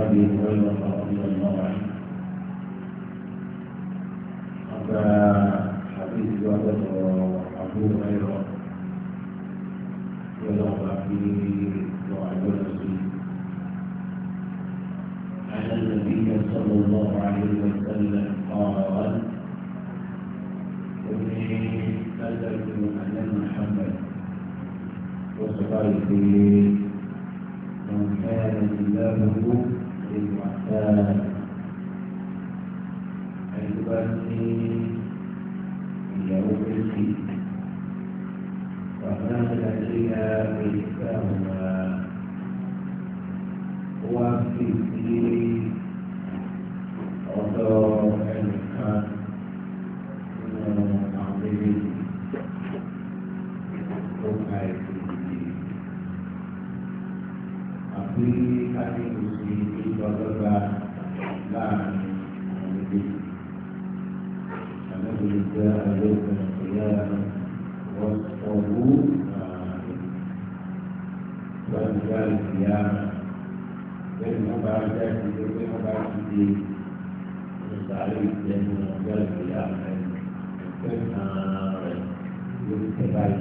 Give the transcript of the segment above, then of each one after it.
أبي هريرة رضي الله عنه حتى حديث وحدة أبو هريرة يضع في وعد الرسول أن النبي صلى الله عليه وسلم قال إني أدرك أن محمد وصفائه من كان الله ìmọ̀tàn ẹni bá ní ìyàwó méjì bàbá nàìjíríà èyíká wà wá sí sí ọ̀dọ̀ ẹnìkan nínú àwọn méjì tó ka ẹ̀sìn. diri hati kursi di dan menjadi karena juga ada penyakitan waspobu dan juga yang dan membaca di sini di mencari dan mengajar dan dan kita baik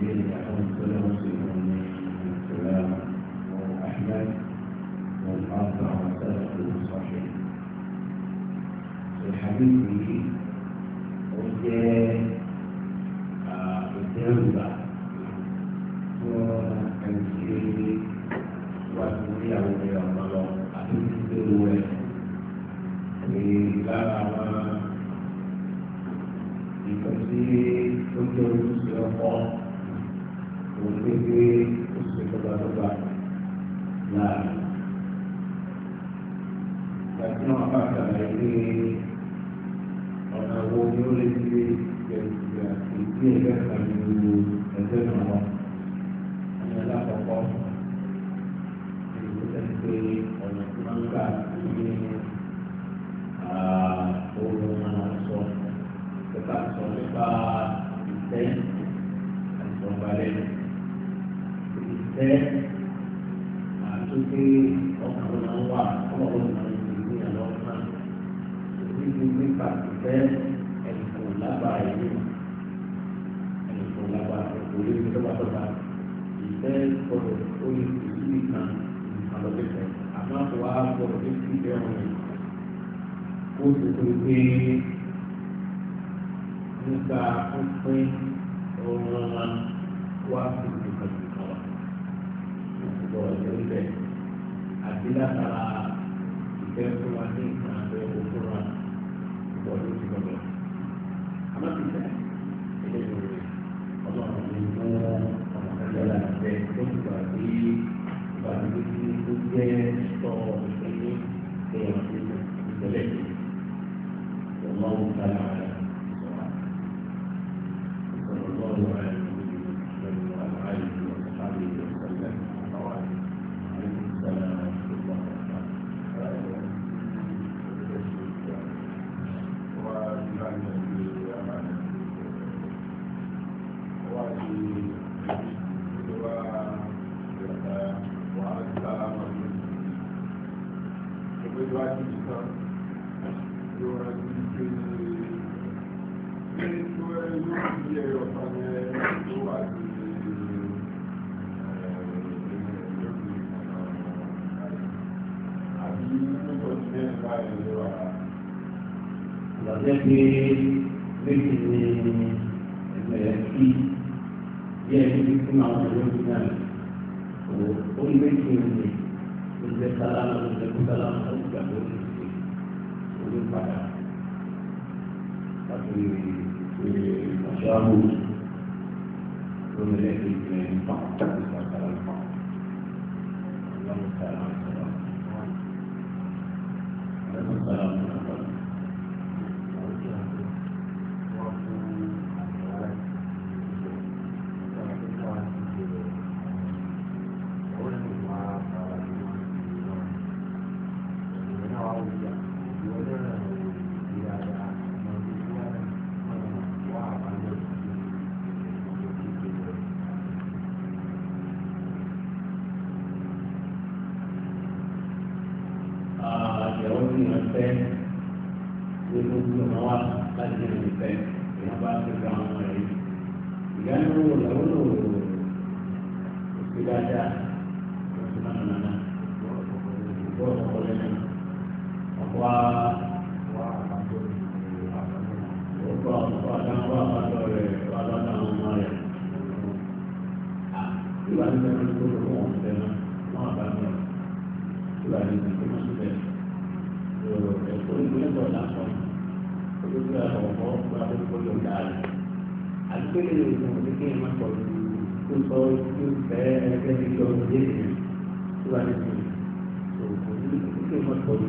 بن أنس مسلم بن سلام وأحمد والأربع وسلف صحيح الحديث به وجاء الدربة وأنسي وأنسي أولي الله أنسي الوالد وقال ìkànsí tó jẹ́ olùsí ọkọ̀ gbégbé oṣù tọ́gbàtọ́gbà láàrin. Ìgbàtí wọn bá ṣàlàyé pé ọ̀nà wo ni ó lè gbé ìgbà ìdí ẹgbẹ́ kan nínú ẹgbẹ́ náà wá. Ọ̀nà alákọ̀ọ́kọ́ ìlú sẹ́ni pé ọ̀nà tí wọ́n ń gbà ní ohun àwọn sọ. Ìgbà sọ nípa ìtẹ́yìn. ìfẹ́ àtúnṣe ọkàn máa ń wà ọlọ́run máa ń ṣe ní àlọ́ náà òbí ti nípa ìfẹ́ ẹ̀kọ́ lábàá ìlú ẹ̀kọ́ lábàá ẹ̀kọ́ lórí lọ́gbàdọ́gba ìfẹ́ gbọ́dọ̀ ó lè fi ìlú kan àlọ́lẹ́fẹ̀ àmọ́ kò wá gbọ́dọ̀ ní fi ìfẹ́ wọn rẹ̀ kó o tó pé nípa pínpín ọ̀rọ̀ wa wá sí látara ìfẹ́ fún wa ní ìtàn àbẹ̀ òkúra pọ̀ lójú ọ̀dọ̀. tọ́jẹ́ pé méjì ni ẹgbẹ́ kí bí ẹni tí fún àwọn olóògùn náà ó ní méjì ni ìjẹ sálámù ìjẹ kó sálámù ó gbà ló ní ìṣe olú padà láti ṣe ìmọ̀ṣáàmù lórí ẹgbẹ́ ìgbẹ́ nípa ìgbà sálámù ọlọ́run sálámù. wá láti ẹnu ìfẹ́ ìwọ́n bá ti gba àwọn ọmọ yìí. ìyá ní owó ìyàwó ló wò ó òsì dáadáa òsì náà nàná ìgbọ́ ọ̀pọ̀ lẹ́nu ọ̀pọ̀ ọ̀pọ̀ ọ̀pọ̀ àdáńkọ́ àbájọ rẹ̀ ọ̀lọ́dà àwọn ọmọ rẹ̀. ìwà ní ẹni tó wọn fẹ́ náà wọ́n àbájọ ìwà ní ẹni tó lọ́wọ́ sí bẹ́ẹ̀. ẹ̀kọ́ ìgbésọ̀ lásán lójú àwọn ọmọ ọgbà tó kó lọ dáa rẹ àdúgbò lè lò ní kí n má pọ̀ ju tó sọ tó fẹ́ ẹgbẹ́ mi lọ sí èdè tó wà nínú tó kò ní kí n má pọ̀ ju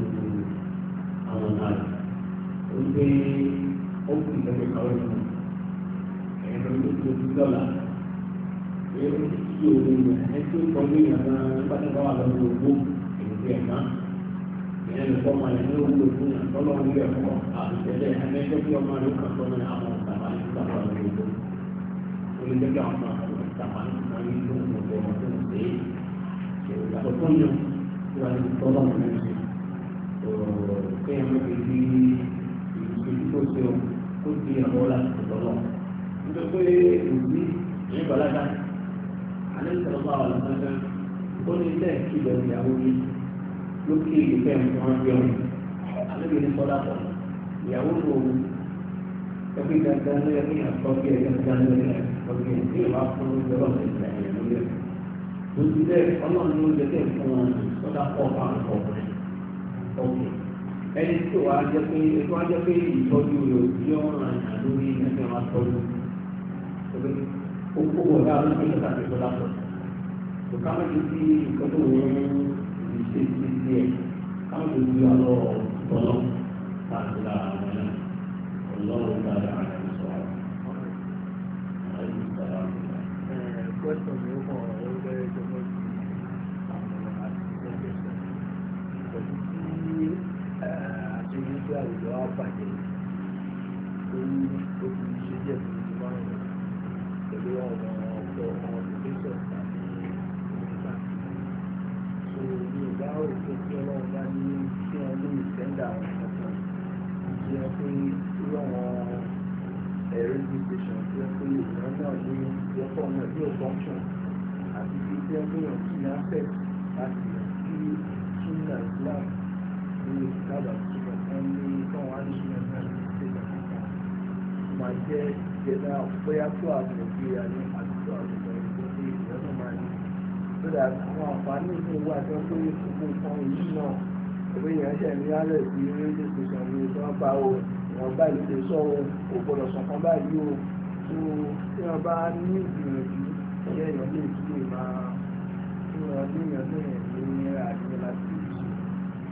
àwọn ọmọ rẹ ó gbé ó kù káwé mu ẹ̀rọ ló tó ti dọ́là ẹ̀rọ tó ti òun ẹ̀rọ tó kọ́ ní ìyàrá nígbà tó bá wà lọ́wọ́ owó ìrìnàjò ẹ̀ máa ẹnì kan máa ní owó fún yàn tọ́lọ́ ń ẹ̀kọ́ àbùtẹ́lẹ̀ ẹ̀mẹ́jọ́ bí ọmọ rẹ̀ kàn tọ́lọ́ ní àwọn ìtàpá ní ìtàpá ní gbogbo onídẹ́gbẹ́ àwọn àwọn ìtàpá ní ìtàpá ní gbogbo ọmọ tó ń pè é ìyàtọ̀ tó yàn wà ní tọ́lọ́ ń ṣe kéèyàn ló fi di ìṣèjú tó ṣe o kó di ẹ̀kọ́ láti tọ́lọ́ nítorí pé òbí ní lókè ìfẹ́ nǹkan bí ọ̀rọ̀ àlejò ní sọ́dá pọ̀ ìyàwó tó ẹgbẹ́ gangan ló yẹ kí n àtọ́ bí ẹ gangan ló yẹ kọ́ bí ẹ ní ìwà fún oúnjẹ ọ̀sẹ̀ ìgbà yẹn ló yẹ. mo ti dẹ́ ọlọ́run ló yẹ kí fún wọn sọ́dá pọ̀ bá ń pọ̀ ọ̀kẹ́ ẹni tí wàá jẹ́ pé ètò wàá jẹ́ pé ìtọ́jú rẹ̀ ò ọ̀ràn àná ẹgbẹ́ wa tọ́jú ó kó wọ̀ dáa lókè ṣe ti ẹ̀ káwọn tó ti wá lọ́wọ́ tọ́lọ́ àwọn ẹ̀ ọlọ́run dára àti sọ Question mi ó kọ̀ ọ́ lórí ẹjọ́ náà àti ẹgbẹ́ sọ. Pẹ̀lú tí àti ìgbésẹ̀ àwùjọ á bàjẹ́ lórí ó ti ṣe díẹ̀ fún ìjọba rẹ̀ pẹ̀lú àwọn ọ̀pọ̀ àwọn ìgbésẹ̀ ọ̀tá. ìgbà ó rè bá ní kí wọ́n ní ọ̀sán kí wọ́n pé irú àwọn ẹ̀rọ ìgbésẹ̀ kí wọ́n pé ìgbà náà ní ìyọ́pọ̀ náà function àti bí kí gbìyànjú ní aspect láti kí sunna Islam ní náà ní ní àdìsúnà tó àwọn àǹfààní ìlú wà tó pé gbogbo nǹkan èyí náà òbí yẹn ṣẹ̀ ní alẹ́ ìdí rédíò tẹ̀sán ní ìjọba bá o ìwọ̀n báyìí ló lè sọ o kò gbọdọ̀ sàn kan báyìí o tó tí wọ́n bá ní ìgbìyànjú ṣé èèyàn lè tún lè máa tí wọ́n léèyàn léèyàn ló ní àdúgbò láti lè ṣe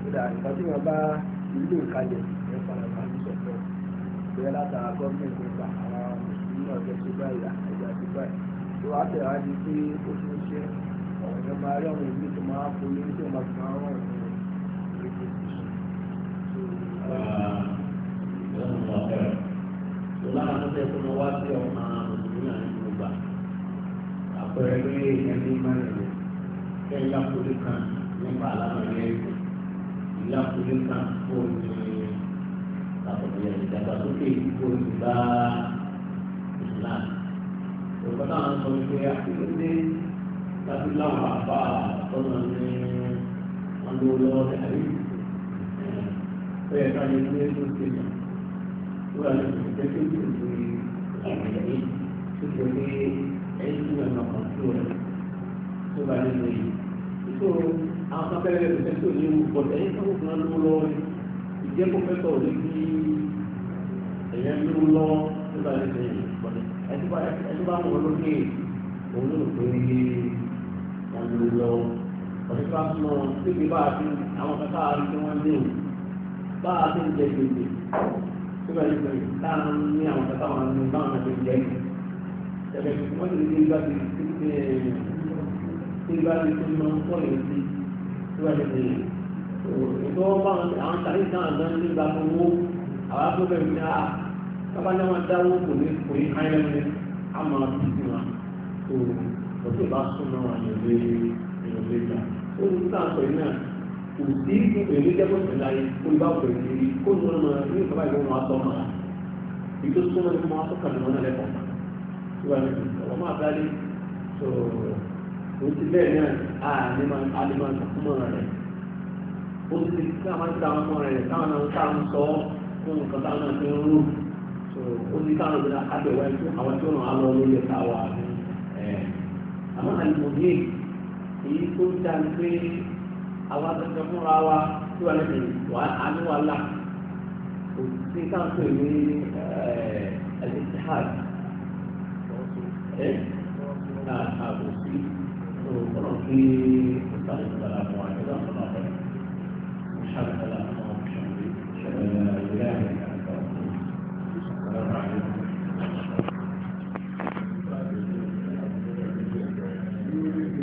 tó dà tí wọ́n bá ilé ìkalẹ̀ ẹ̀ padà máa ń sọ fún ọ bẹ́ẹ̀ látara gọ́ọ̀mẹ̀ntì nípa àwọn mùsùlùmí náà ọ̀rẹ́ máa rí àwọn ìlú tó máa kó lórí tó máa kó àwọn ọ̀rẹ́ lára tó tẹ fún wa sí ọmọ mùsùlùmí náà ní gbogbo àpẹẹrẹ pé ìyẹn ní mẹ́rin kẹ ìyàkùnrin kan nípa àlámọ ilé ìyàkùnrin kan kó o ní àtọ̀tẹ̀yẹ ìdàgbàsókè kó o ti sọ wípé àkùnrin tàbí láwọn àbá tọ́nà ní wọn ló lọ́wọ́ dàrí ó yẹ ká lè gbé tó ti nà ó yà lè jẹ́ kí ó ti di àgbẹ̀yẹ tó ti di ẹni tó yàn kàn tó rẹ̀ tó bá lè lè tó àwọn akẹ́kẹ́ rẹ̀ tó ní wù bọ̀dẹ̀ ẹni tó kàn ló lọ́wọ́ ìjẹ́ pọ́fẹ́tọ̀ lè fi ẹ̀yẹ ló lọ́wọ́ tó bá lè lè bọ̀dẹ̀ ẹni tó bá mọ̀ lókè òun ló pè é wọn ló lọ ọdún bá ń mọ síbi bá a ti àwọn kàkà àárín tí wọn lé o bá a ti ń jẹ gbèsè síbẹ̀ nígbà yìí tá a ní àwọn kàkà wọn ní báwọn àti jẹ ẹgbẹ́ wọn lè ní ìgbà tí ìgbà tí tó máa ń kọ́ yẹn sí síbẹ̀ nígbà yìí ìgbọ́ àwọn tàbí náà náà ní ìgbà tó wó àwọn agbóbẹ̀ mi náà bàbá wọn dáwó kò ní kò ní káyọ̀ àmọ́ àti ìsìn wa òtún ìbá súnmọ́ àyẹ̀wé ìrọ̀lẹ́ ìgbà ó ní sáà sọ iná kò sí èrè jẹ́ bọ́sẹ̀ láyé kó ibà pè sí kó ní wọn ní ìfọwọ́ ìwọ wọn atọ́ máa ibi tó súnmọ́ ní wọn atọ́ka ní wọn náà lẹ́kọ̀ọ́ máa ìwà ní ọ̀wọ́ máa dálé tó o ti bẹ́ẹ̀ náà a ní máa a ní máa tún mọ́ rẹ̀ ó ti ti ká máa ti ta mọ́ rẹ̀ táwọn náà ń ta ń sọ àmọ́ àlùmọ̀dé èyí tó ń dá pé àwa tuntun fúnra wa tí wà lẹ́sìn wà á ní wà lá kò sí káńtó ìwé ẹ̀ẹ́dẹ́gbẹ̀hàd ẹ̀ àbòsí ọ̀rọ̀ fún